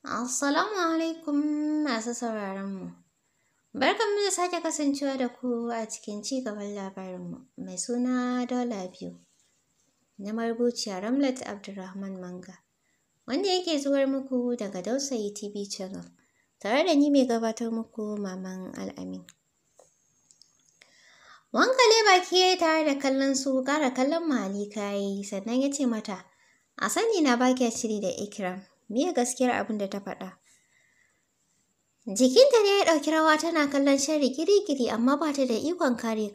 Assalamu alaikum masu sauraronmu. Barkanmu da sake kasancewa da ku a cikin ci gaban labarinmu mai suna Dola biyu na marubuciya Ramlat Abdulrahman Manga wanda yake zuwar muku daga Dausayi TV channel tare da ni mai gabatar muku Maman Al'amin. le baki ya yi tare da kallon su gara kallon mahali kayi sannan ya ce mata, A sani na baki shiri da Ikram Miye gaskiyar abin da ta faɗa? Jikinta ne ya ɗauki rawa tana kallon shari giri-giri amma ba ta da ikon kare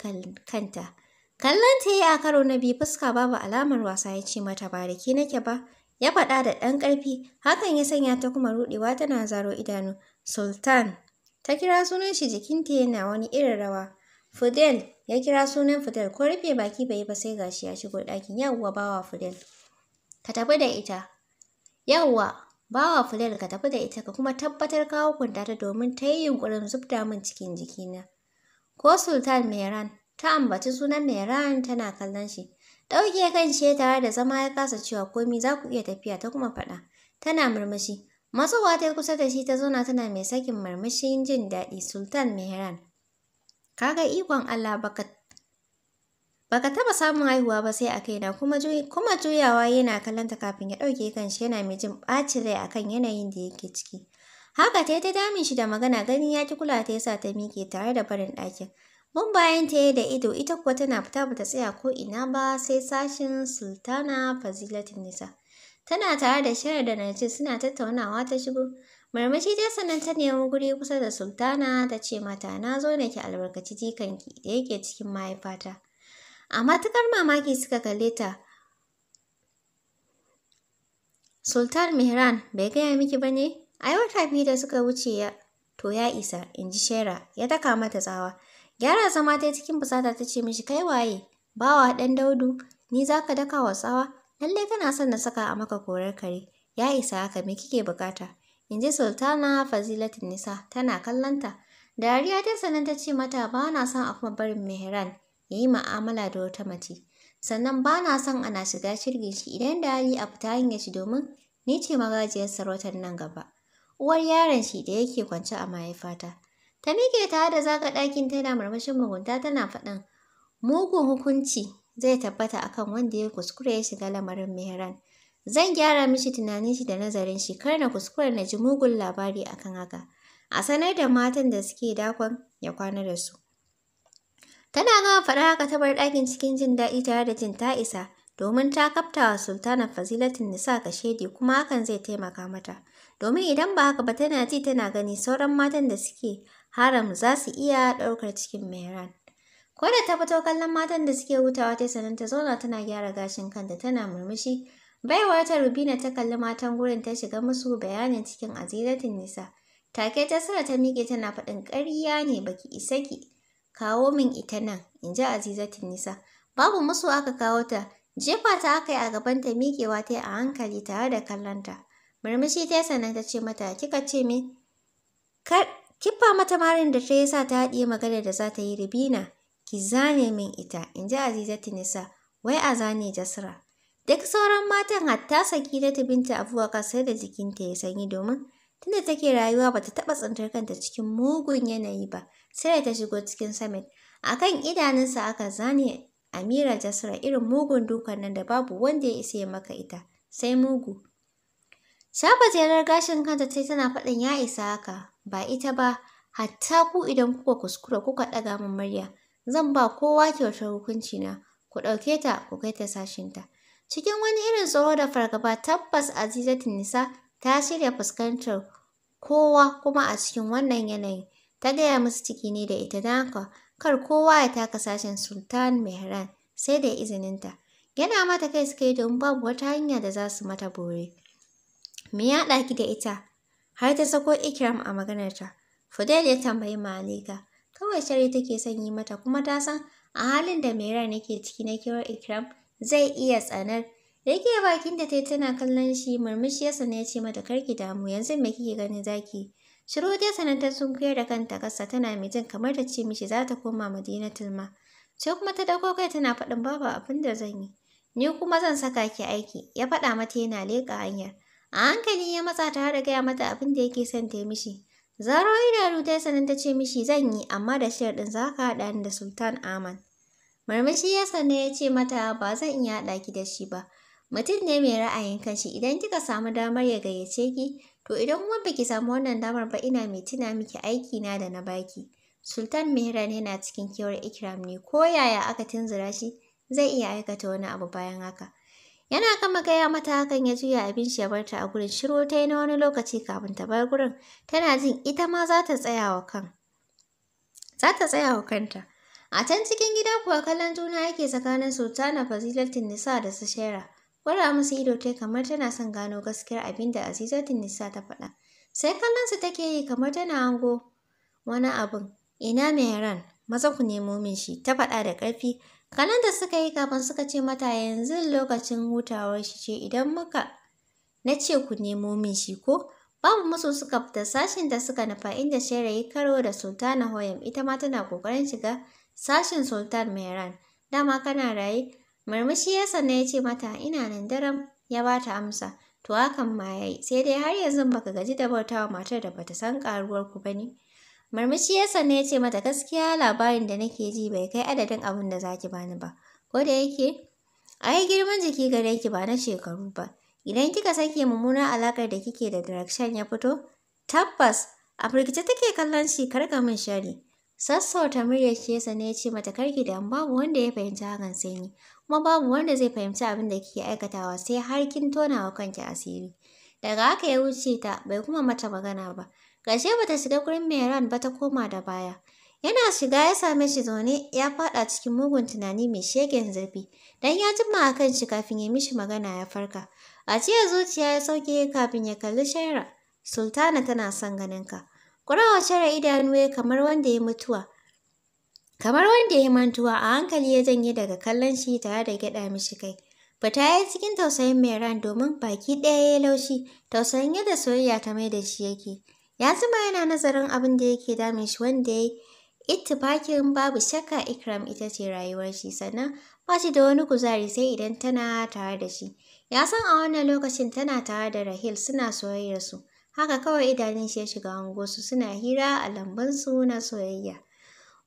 kanta. Kallon ta yi a karo na biyu fuska babu alamar wasa ya ce mata bariki nake ba, ya faɗa da ɗan ƙarfi, hakan ya sanya ta kuma ruɗewa tana zaro idanu. Sultan, ta kira sunan shi jikinta yana wani irin rawa. Fidel ya kira sunan Fidel, ko rufe baki bai yi ba sai gashi ya shigo ɗakin, yawwa bawa Fidel. Ka tafi da ita. Yawwa, Bawa Fulel ka tafi da ita ka kuma tabbatar ka hukunta ta domin ta yi yunƙurin zubda min cikin jikina. Ko Sultan Meran ta ambaci sunan Meran tana kallon shi. Ɗauke kan shi tare da zama ya kasa cewa komi za ku iya tafiya ta kuma faɗa. Tana murmushi. Matsowa ta kusa da shi ta zauna tana mai sakin murmushin jin daɗi Sultan Meran. Kaga ikon Allah baka Baka taba samun haihuwa ba sai a kai na, kuma juyawa yana kalanta kafin ya ɗauke kanshi yana mai jin ɓacin rai akan yanayin da yake ciki. Haka ta ta damin shi da magana ganin ya ki kula ta yasa ta miƙe tare da barin ɗakin. Mun bayan ta da ido ita kuwa tana fita ba ta tsaya ko ina ba sai sashin Sultana Fazilatin Nisa. Tana tare da Shara da ce, suna tattaunawa ta shigo. Marmashi ta sannan ta nemi guri kusa da Sultana ta ce mata na zo na ki albarkaci jikanki da yake cikin mahaifata. a matuƙar mamaki suka kalle ta. Sultan Mihran bai gaya miki ba ne? A yau biyu da suka wuce ya to ya isa, in ji Shera, ya taka mata tsawa. Gyara zama ta cikin fusata ta ce mishi kai waye, bawa ɗan daudu, ni za ka daka wa tsawa, lalle kana son na saka a maka korar kare, ya isa haka me kike bukata. In ji Sultana Fazilatin Nisa tana kallanta. Dariya ta sanan ta ce mata ba na son a kuma barin Mehran, ya yi ma'amala da wata mace. Sannan ba na son ana shiga shirgin shi idan da hali a fita hanyar shi domin ni ce magajiyar sarautar nan gaba. Uwar yaron shi da yake kwance a mahaifata. Ta miƙe ta da zaga ɗakin tana murmushin mugunta tana faɗin mugun hukunci zai tabbata akan wanda ya kuskure ya shiga lamarin Mehran. Zan gyara mishi tunanin shi da nazarin shi kar na kuskure na ji mugun labari akan haka. A sanar da matan da suke dakon ya kwana da su. Tana gama faɗa haka ta bar ɗakin cikin jin daɗi tare da jin ta isa, domin ta kafta wa Sultana Fazilatin Nisa shedi kuma hakan zai taimaka mata. Domin idan ba haka ba tana ji tana gani sauran matan da suke haram za su iya ɗaukar cikin Mehran. Ko da ta fito kallon matan da suke hutawa ta sanin ta zauna tana gyara gashin kanta tana murmushi. Baiwar ta Rubina ta kalli matan gurin ta shiga musu bayanin cikin azilatin nisa. Take ta sura ta miƙe tana faɗin ƙarya ne baki isa ki. kawo min ita nan, in ji Azizatu Nisa. Babu musu aka kawo ta, jefa ta aka yi a gabanta miƙewa ta yi a hankali tare da kallonta. Murmushi ta sannan ta ce mata, kika ce min? Kippa mata marin da ta yi ta haɗiye magana da za ta yi ribina. Ki zane min ita, in ji Azizatu Nisa, wai a zane Jasra. Duk sauran matan hatta saki ta binta abubuwa sai da jikinta ya sanyi domin Tunda take rayuwa bata taɓa tsintar kanta cikin mugun yanayi ba, sai da ta shigo cikin Samit. A kan idanunsa aka zane Amira Jasra irin mugun dukan nan da babu wanda ya isa ya maka ita, sai mugu. Shafa jerar gashin kanta sai tana faɗin ya isa haka, ba ita ba, hatta ku idan kuka kuskura kuka ɗaga min murya, zan ba kowa kyautar hukunci na, ku ɗauke ta ku kai ta sashinta. Cikin wani irin tsoro da fargaba tabbas Azizatun Nisa ta shirya fuskantar kowa kuma a cikin wannan yanayi, Ta gaya musu ciki ne da ita don haka kar kowa ya taka sashen Sultan Mehran sai da izininta. Yana mata kai suka yi don babu wata hanya da za su mata bore. Me ya daki da ita? Har ta sako Ikram a maganarta. Fudel ya tambayi Malika. Kawai shari take son yi mata kuma ta san a halin da Mehran yake ciki na kewar Ikram zai iya tsanar Da yake bakin da ta tana kallon shi murmushi ya sanya ya ce mata karki damu yanzu me kike ganin zaki. Shiru dai sanata sun sunkuyar da kanta kasa tana mai jin kamar ta ce mishi za ta koma madina tilma. Sai kuma ta dauko kai tana faɗin babu abin da zan yi. Ni kuma zan saka ki aiki, ya faɗa mata yana leƙa hanyar. A hankali ya matsa ta hada gaya mata abin da yake son ta yi mishi. Zaro idanu ta sanan ta ce mishi zan yi amma da ɗin za ka haɗa ni da Sultan Aman. Murmushi ya sanya ya ce mata ba zan iya haɗa ki da shi ba. Mutum ne mai ra'ayin kanshi idan kika samu damar ya gayyace ki, to idan kuma baki samu wannan damar ba ina mai tuna miki aiki na da na baki. Sultan ne yana cikin kewar Ikram ne ko yaya aka tunzura shi zai iya aikata wani abu bayan haka. Yana kama gaya mata hakan ya juya abin shi ya bar ta a gurin shiru ta yi na wani lokaci kafin ta bar gurin tana jin ita ma za ta tsaya wa kan. Za ta tsaya wa kanta. A can cikin gida kuwa kallon juna yake tsakanin Sultana Fazilatin Nisa da Sashera. kwara musu ido ta kamar tana son gano gaskiyar abin da Azizatin Nisa ta faɗa. Sai kallonsa take yi kamar tana hango wani abin. Ina Mehran, maza ku nemo min shi, ta faɗa da ƙarfi. Kallon da suka yi kafin suka ce mata yanzu lokacin hutawar shi ce idan muka na ce ku nemo min shi ko? Babu musu suka fita sashin da suka nufa inda Shera karo da Sultana Hoyam ita ma tana ƙoƙarin shiga sashin Sultan Mehran. Dama kana raye, Murmushi ya sanna ya ce mata, ina nan daram, ya ba ta amsa. To hakan ma ya yi, sai dai har yanzu baka gaji da bautawa matar da bata san karuwar ku bane. Murmushi ya sanna ya ce mata gaskiya labarin da nake ji bai kai adadin abin da zaki bani ba. Ko da yake, ai girman jiki gare ki ba na shekaru ba. Idan kika sake mummunar alakar da kike da direction ya fito, tabbas a firgice take kallon shi karka min shari. Sassauta muryar shi ya ya ce mata karki da babu wanda ya fahimci hakan sai ni. kuma babu wanda zai fahimci abin da kike aikatawa sai har kin tonawa wa kanki asiri. Daga haka ya wuce ta bai kuma mata magana ba. Gashe ta shiga gurin ran ba ta koma da baya. Yana shiga ya same shi zaune ya fada cikin mugun tunani mai shegen zurfi. Dan ya jima a kan shi kafin ya mishi magana ya farka. A jiya zuciya ya sauke kafin ya kalli Shaira. Sultana tana son ganinka. ka. Kurawa Shaira idanu kamar wanda ya mutuwa. Kamar wanda ya mantuwa a hankali ya janye daga kallon shi tare da gyaɗa mishi kai. Fita ya yi cikin tausayin ran domin baki ɗaya ya laushi, tausayin yadda soyayya ta mai da shi yake. Ya zuma yana nazarin abin da yake damun shi wanda ya yi ittifakin babu shakka Ikram ita ce rayuwar shi sannan ba shi da wani kuzari sai idan tana tare da shi. Ya san a wannan lokacin tana tare da Rahil suna soyayyar su. Haka kawai idanun shi ya shiga hango su suna hira a lambun suna na soyayya.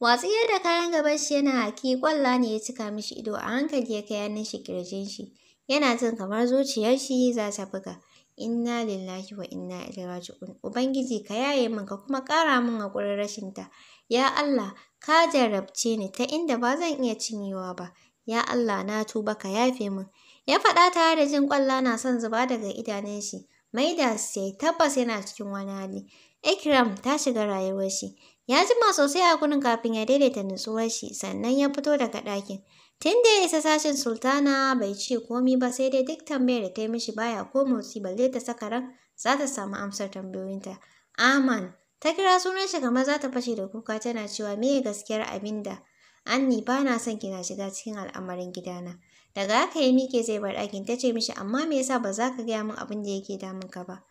Watsiyar da kayan gaban shi yana haki ƙwalla ne ya cika mishi ido a hankali ya kai hannun shi kirjin shi. Yana jin kamar zuciyar shi za ta buga. Inna lillahi wa inna ilaihi raji'un. Ubangiji ka yaye min ka kuma ƙara min haƙurin rashin ta. Ya Allah ka jarabce ni ta inda ba zan iya cinyewa ba. Ya Allah na tuba ka yafe min. Ya faɗa tare da jin ƙwalla na son zuba daga idanun shi. Maida sai tabbas yana cikin wani hali. Ikram ta shiga rayuwar shi. Ya jima sosai a gurin kafin ya daidaita nutsuwar shi sannan ya fito daga ɗakin. Tun da ya isa sashen sultana bai ce komi ba sai dai duk tambayar da ta yi mishi baya ko motsi balle ta saka ran za ta samu amsar tambayoyinta. Aman ta kira sunan shi kamar za ta fashe da kuka tana cewa me gaskiyar abin da Anni ba na son kina shiga cikin al'amarin gidana. Daga haka ya mike zai bar ɗakin ta ce mishi amma me yasa ba za ka gaya min abin da yake damunka ba.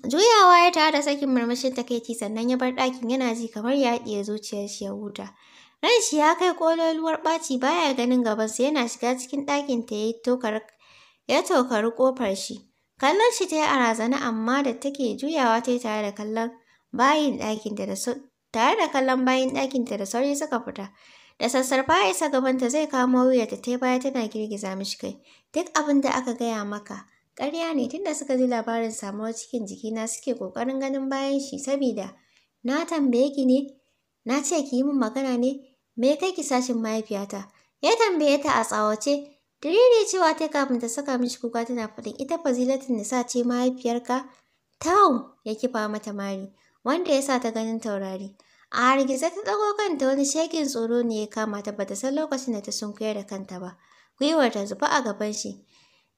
Juyawa ya tare da sakin murmushin takaici sannan ya bar ɗakin yana ji kamar ya haɗiye zuciyar shi ya huta. Ran shi ya kai kololuwar ɓaci baya ganin gaban sa, yana shiga cikin ɗakin ta ya tokari ƙofar shi. Kallon shi ta yi a razana amma da take juyawa ta yi tare da kallon bayin ɗakinta da tare da kallon bayin ta da sauri suka fita. Da sassarfa ya isa gabanta zai kamo wuyarta ta baya tana girgiza mishi kai. Duk abin da aka gaya maka Ƙarya ne tunda suka ji labarin samuwar cikin jikina suke ƙoƙarin ganin bayan shi saboda na tambaye ki ne, na ce ki yi min magana ne, me kai ki sashin mahaifiyata? Ya tambaye ta a tsawace, Diriri cewa ta kafin ta saka mishi kuka tana faɗin ita fazilatin sa ce mahaifiyarka? Tau ya kifa mata mari, wanda ya sa ta ganin taurari. A hargitse ta ɗago kanta wani shekin tsoro ne ya kama ta bata san lokacin da ta sunkuyar da kanta ba. Gwiwar ta zuba a gaban shi.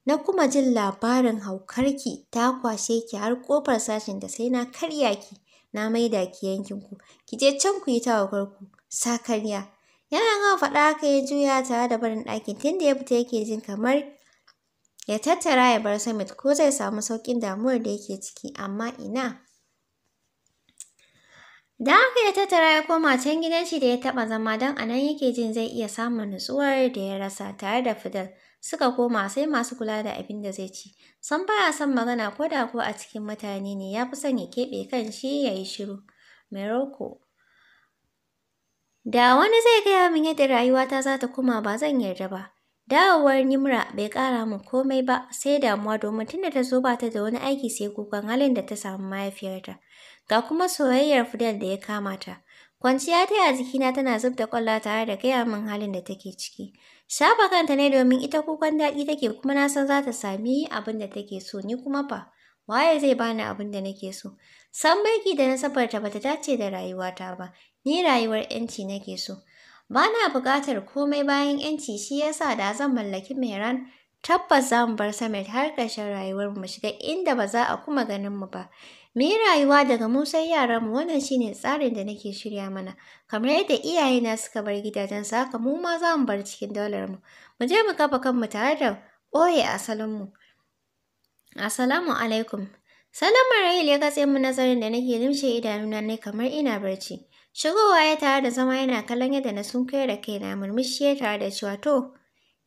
Na kuma jin labarin haukar ki ta kwashe ki har kofar sashin da sai na karya ki, na maida ki yankin ku ki je can ku yi ta haukar sa sakarya. Yana gama faɗa haka ya juya tare da barin ɗakin tunda ya fita yake jin kamar ya tattara ya bar Samit ko zai samu sauƙin damuwar da yake ciki, amma ina. Da haka ya tattara ya koma can gidan shi da ya taɓa zama don a nan yake jin zai iya samun nutsuwar da ya rasa tare da Fidel. suka koma sai masu kula da abin da zai ci. san baya son magana ko da ko a cikin mutane ne ya fi son ya keɓe kan shi ya yi shiru. Morocco. Da wani zai gaya min yadda rayuwata za ta koma ba zan yarda ba. Dawowar Nimra bai kara min komai ba sai damuwa domin tunda ta zo bata da wani aiki sai kukan halin da ta samu mahaifiyarta. Ga kuma soyayyar Fidel da ya kama ta. Kwanciya ta a jikina tana zub da kwallo tare da gaya min halin da take ciki. Shafa kanta ne domin ita kukan daɗi take kuma na san za ta sami abin da take so ni kuma fa waye zai bani abin da nake so. San baiki da nasabarta bata dace da rayuwata ba, ni rayuwar ‘yanci nake so. Ba na buƙatar komai bayan ‘yanci shi ya sa da zan mallaki Meran. tabbas za mu bar Samet har ƙarshen rayuwar mu shiga inda ba za a kuma ganin mu ba. Mu yi rayuwa daga mu sai yaranmu wannan shine tsarin da nake shirya mana. Kamar yadda iyayena suka bar gidajensu haka mu ma za mu bar cikin daularmu. Mu je mu kafa kanmu tare da ɓoye asalinmu. Assalamu alaikum. salama Rahil ya katse mu nazarin da nake limshe idanuna ne kamar ina barci. Shigowa ya tare da zama yana kallon yadda na sunkuyar da kaina murmushi ya tare da cewa to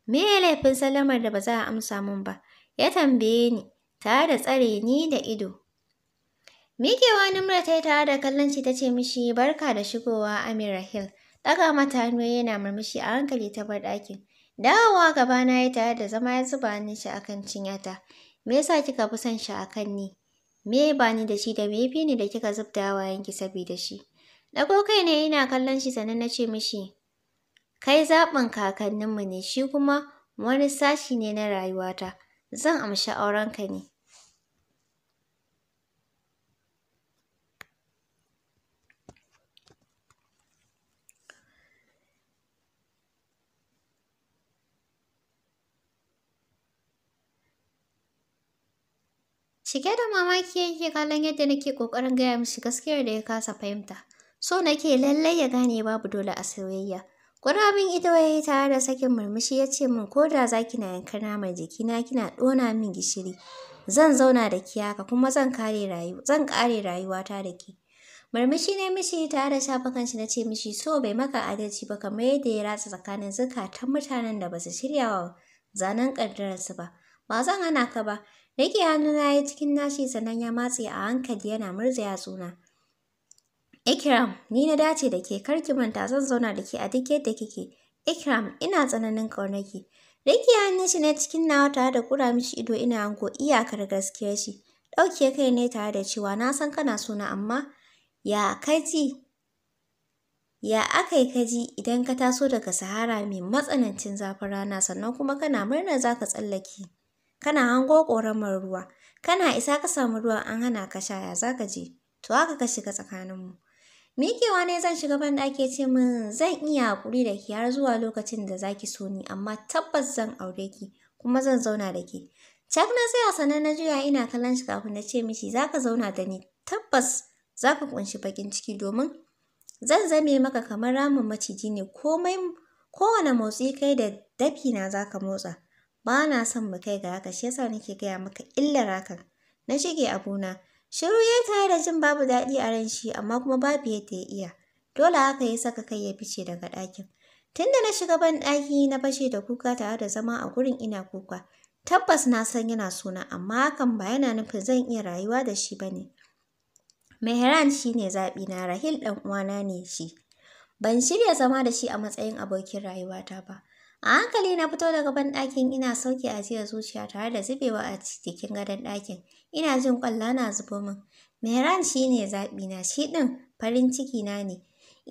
me ya laifin salamar da ba za a amsa min ba. Ya tambaye ni tare da tsare ni da ido. Mikewa Nimra ta yi tare da kallon ta ce mishi barka da shigowa Amir Rahil. Ɗaga mata hannu yana murmushi a hankali ta bar ɗakin. Dawowa gabana ya tare da zama ya zuba hannun shi akan cinyata. Me yasa kika fi son shi akan ni? Me ba ni da shi da me fi ni da kika zubda wayanki saboda shi? Dago kai ne ina kallon shi sannan na ce mishi kai zaɓin kakanninmu ne shi kuma wani sashi ne na rayuwata. Zan amshi aurenka ne. Cike da mamaki yake kallon yadda nake ƙoƙarin gaya mishi gaskiyar da ya kasa fahimta. So nake lallai ya gane babu dole a soyayya. ƙurabin ido ya yi tare da sakin murmushi ya ce min ko da zaki na yankar naman jikina kina ɗona min gishiri. Zan zauna da ki haka kuma zan kare rayu zan kare rayuwata da ki. Murmushi ne mishi tare da shafa kanshi na ce mishi so bai maka adalci ba kamar yadda ya ratsa tsakanin zukatan mutanen da ba su shirya wa zanen ƙaddararsu ba. Ba zan hana ka ba, Rike hannuna ya cikin nashi sannan ya matse a hankali yana murza suna Ikram, ni na dace da ke karki manta zan zauna da ke a duk yadda kike. Ikram, ina tsananin ƙaunaki. riƙe hannun shi na cikin nawa tare da kura mishi ido ina hanko iyakar gaskiyar shi. Ɗauke kai ne tare da cewa na san kana suna amma ya kaji Ya aka yi kaji idan ka taso daga Sahara mai matsanancin zafin rana sannan kuma kana murnar za ka tsallake. kana hango ƙoramar ruwa, kana isa ka samu ruwan an hana ka sha ya za ka je, to haka ka shiga mu. Mikewa ne zan shiga ban ɗaki ce min zan iya haƙuri da ki har zuwa lokacin da zaki so ni amma tabbas zan aure ki kuma zan zauna da ke Cak na tsaya sannan na juya ina kallon shi kafin na ce mishi za ka zauna da ni tabbas za ka ƙunshi bakin ciki domin zan zame maka kamar ramin maciji ne komai kowane motsi kai da dafi na za ka motsa. ba na son mu kai ga haka shi yasa nake gaya maka illar hakan na shige abuna shiru ya tare da jin babu daɗi a ran shi amma kuma babu yadda ya iya dole haka ya saka kai ya fice daga ɗakin tunda na shiga ban ɗaki na fashe da kuka tare da zama a gurin ina kuka tabbas na san yana suna amma hakan ba yana nufin zan iya rayuwa da shi bane Mehran shi ne zaɓi, na Rahil ɗan uwana ne shi ban shirya zama da shi a matsayin abokin rayuwata ba A hankali na fito daga banɗakin ina sauke ajiyar zuciya tare da zubewa a jikin gadon ɗakin. Ina jin ƙwallo na zubo min. Mehran shi ne na shi ɗin farin ciki na ne.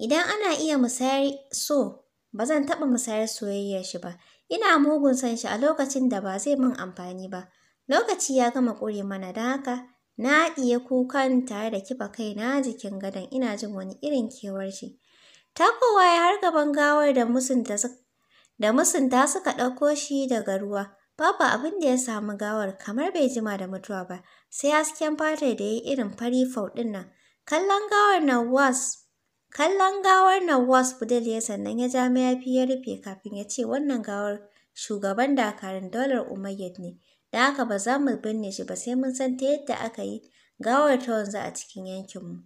Idan ana iya musayar so, ba zan taɓa musayar soyayyar shi ba. Ina mugun son shi a lokacin da ba zai min amfani ba. Lokaci ya gama ƙure mana da haka na iya kukan tare da kifa na jikin gadon ina jin wani irin kewar shi. Takowa ya har gaban gawar da musun da suka. da musunta suka ɗauko shi daga ruwa. Babu abin da ya samu gawar kamar bai jima da mutuwa ba, sai hasken fata da ya irin fari fau ɗin nan. Kallon gawar Nawaz Kallon gawar Budil ya sannan ya ja mayafi ya rufe kafin ya ce wannan gawar shugaban dakarun dolar Umayyad ne, da haka ba za mu binne shi ba sai mun san ta yadda aka yi gawar ta wanzu a cikin yankinmu.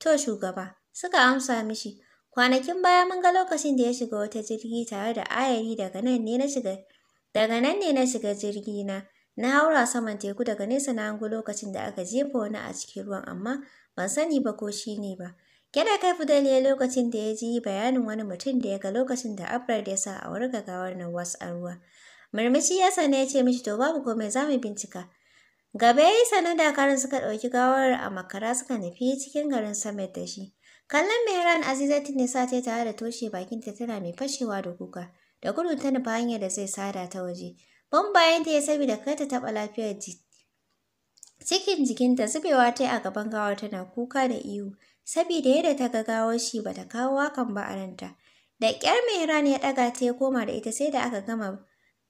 To shugaba, suka amsa mishi, Kwanakin baya mun ga lokacin da ya shiga wata jirgi tare da ayari daga nan ne na shiga daga nan ne na shiga jirgi na. Na haura saman teku daga nesa na hango lokacin da aka jefa wani a cikin ruwan amma ban sani ba ko shi ne ba. Gyada kai Fidel lokacin da ya ji bayanin wani mutum da ya ga lokacin da Abrar ya sa a wurga gawar wasu a ruwa. Murmushi ya sana ya ce mishi to babu komai za mu bincika. Gaba ya yi sanar da karin suka ɗauki gawar a makara suka nufi cikin garin Samet da shi. Kallon Mehran Azizatin sa ta tare da toshe bakinta tana mai fashewa da kuka, da gudun ta nufa hanyar da zai sada ta waje. bayan ta ya saboda kar ta taɓa lafiyar Cikin jikinta zubewa ta yi a gaban gawar tana kuka da ihu, saboda yadda ta ga gawar shi ba ta kawo hakan ba a ranta. Da ƙyar Mehran ya ɗaga ta ya koma da ita sai da aka gama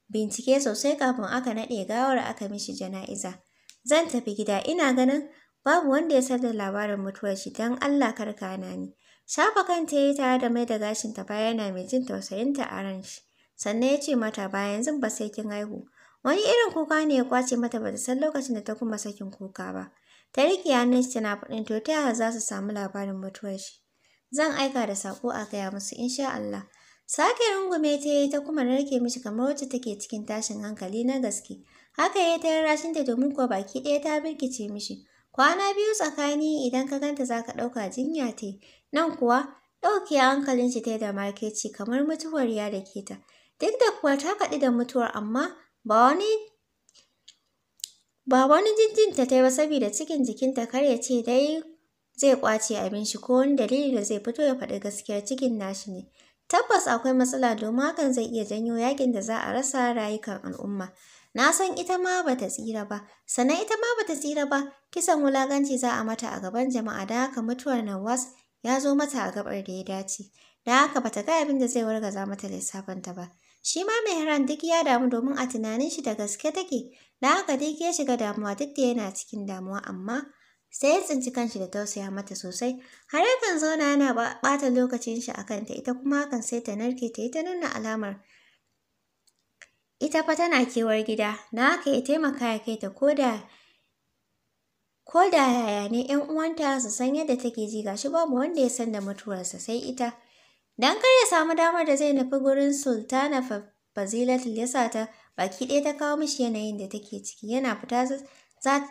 bincike sosai kafin aka naɗe gawar aka mishi jana'iza. Zan tafi gida ina ganin Babu wanda ya san da labarin mutuwar shi don Allah karka ka ne Shafa kanta yayi yi tare da mai da gashin ta baya yana mai jin tausayin ta a ran shi. Sannan ya ce mata ba yanzu ba sai kin haihu. Wani irin kuka ne ya kwace mata ba bata san lokacin da ta kuma sakin kuka ba. Ta riƙe hannun shi tana faɗin to ta yaya za su samu labarin mutuwar shi. Zan aika da saƙo a gaya musu insha Allah. Sake rungume ta yi ta kuma narke mishi kamar wacce take cikin tashin hankali na gaske. Haka ya yi ta rashinta domin kuwa baki ɗaya ta birkice mishi. Kwana biyu tsakani idan ka ganta za ka ɗauka jinya te, nan kuwa ɗauke hankalin shi ta da markeci kamar mutuwar ya da ke ta. Duk da kuwa ta kaɗi da mutuwar amma ba wani ba wani jinjinta ta yi ba saboda cikin jikinta kar ya ce dai zai kwace abin shi ko wani dalili da zai fito ya faɗi gaskiyar cikin nashi ne. Tabbas akwai matsala domin hakan zai iya janyo yakin da za a rasa rayukan al'umma. Na san ita ma ba ta tsira ba, sannan ita ma ba ta tsira ba, kisan wulaganci za a mata a gaban jama'a da haka mutuwar Nawaz ya zo mata a gabar da ya dace. Da haka ba ta ga abin da zai wargaza mata lissafinta ba. Shi ma Mehran duk ya damu domin a tunanin shi da gaske take, da haka duk ya shiga damuwa duk da yana cikin damuwa amma sai ya tsinci kanshi da tausaya mata sosai har yakan zauna yana ɓata lokacin shi a kanta ita kuma hakan sai ta narke ta yi ta nuna alamar ita fa tana kewar gida, na haka ya taimaka ya kai ta koda ko yaya ne ‘yan uwanta su san yadda take ji gashi babu wanda ya san da mutuwarsa sai ita. Dan kar ya samu damar da zai nufi gurin Sultana Fazilatul ya sa ta baki ɗaya ta kawo mishi yanayin da take ciki yana fita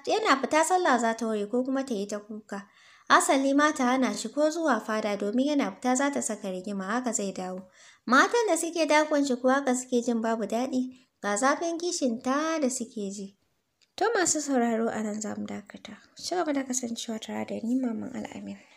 yana fita sallah za ta ware ko kuma ta yi ta kuka. Asali ma ta hana shi ko zuwa fada domin yana fita za ta saka rigima haka zai dawo. Matan da suke dakon shi kuwa ka suke jin babu daɗi, ga zafin kishin ta da suke ji. To masu sauraro a nan za mu dakata. Shi gaba da kasancewa tare da ni Maman Al'amin.